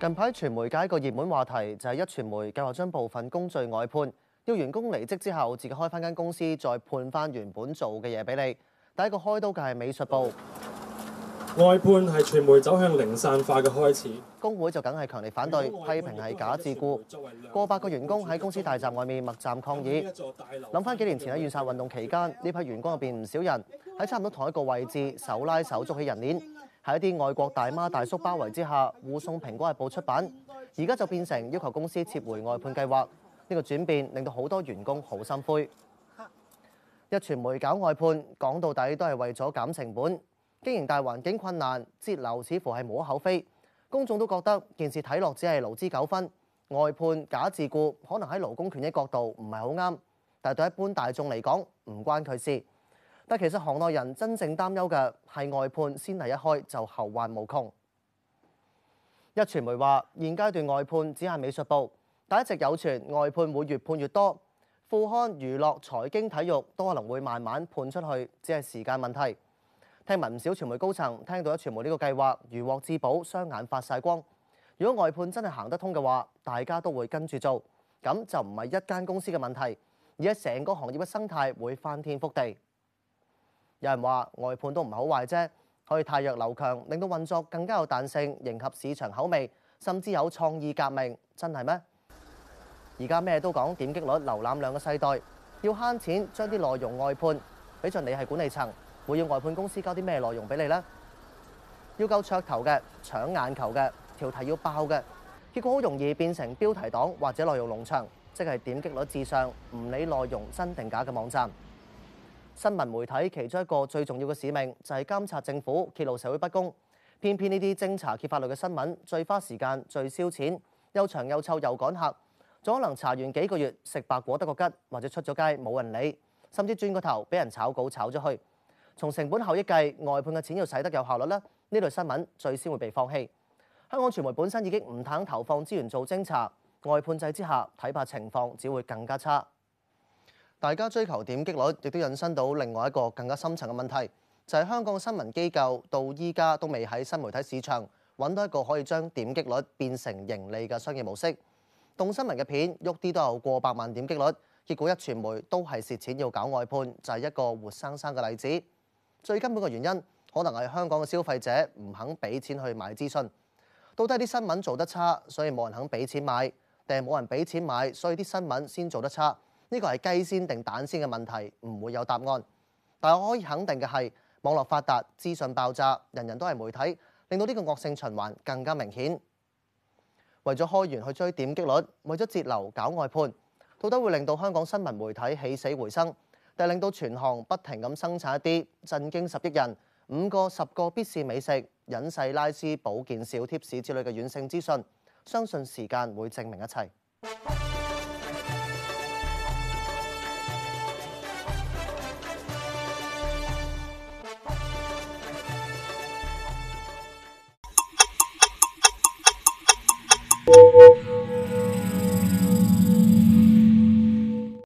近排傳媒界一個熱門話題，就係一傳媒計劃將部分工序外判，要員工離職之後，自己開翻間公司，再判翻原本做嘅嘢俾你。第一個開刀嘅係美術部，嗯。外判係傳媒走向零散化嘅開始，工會就梗係強力反對，批評係假自僱。過百個員工喺公司大站外面默站抗議。諗翻幾年前喺雨傘運動期間，呢批員工入邊唔少人喺差唔多同一個位置手拉手捉起人鏈，喺一啲外國大媽大叔包圍之下護送《蘋果日報》出版。而家就變成要求公司撤回外判計劃，呢個轉變令到好多員工好心灰。壹傳媒搞外判，講到底都係為咗減成本。經營大環境困難，節流似乎係無可厚非。公眾都覺得件事睇落只係勞資糾紛。外判假自僱，可能喺勞工權益角度唔係好啱，但對一般大眾嚟講唔關佢事。但其實行內人真正擔憂嘅係外判先例一開就後患無窮。一傳媒話，現階段外判只係美術部，但一直有傳外判會越判越多，副刊、娛樂、財經、體育都可能會慢慢判出去，只係時間問題。聽聞唔少傳媒高層聽到咗傳媒呢個計劃如獲至寶，雙眼發晒光。如果外判真係行得通嘅話，大家都會跟住做，咁就唔係一間公司嘅問題，而係成個行業嘅生態會翻天覆地。有人話外判都唔係好壞啫，可以汰弱留強，令到運作更加有彈性，迎合市場口味，甚至有創意革命，真係咩？而家咩都講點擊率、瀏覽量嘅世代，要慳錢將啲內容外判，畀盡你係管理層。會要外判公司交啲咩內容俾你呢？要夠噱頭嘅、搶眼球嘅、條題要爆嘅，結果好容易變成標題黨或者內容農場，即係點擊率至上，唔理內容真定假嘅網站。新聞媒體其中一個最重要嘅使命就係監察政府、揭露社會不公，偏偏呢啲偵查揭發類嘅新聞最花時間、最燒錢、又長又臭又趕客，仲可能查完幾個月食白果得個吉，或者出咗街冇人理，甚至轉個頭俾人炒稿炒咗去。從成本效益計，外判嘅錢要使得有效率呢，呢類新聞最先會被放棄。香港傳媒本身已經唔肯投放資源做偵查，外判制之下，睇怕情況只會更加差。大家追求點擊率，亦都引申到另外一個更加深層嘅問題，就係、是、香港新聞機構到依家都未喺新媒體市場揾到一個可以將點擊率變成盈利嘅商業模式。動新聞嘅片喐啲都有過百萬點擊率，結果壹傳媒都係蝕錢要搞外判，就係、是、一個活生生嘅例子。最根本嘅原因，可能係香港嘅消費者唔肯俾錢去買資訊，到底啲新聞做得差，所以冇人肯俾錢買，定係冇人俾錢買，所以啲新聞先做得差？呢個係雞先定蛋先嘅問題，唔會有答案。但我可以肯定嘅係，網絡發達，資訊爆炸，人人都係媒體，令到呢個惡性循環更加明顯。為咗開源去追點擊率，為咗節流搞外判，到底會令到香港新聞媒體起死回生？就令到全行不停咁生產一啲震驚十億人、五個十個必試美食、隱世拉絲保健小貼士之類嘅軟性資訊，相信時間會證明一切。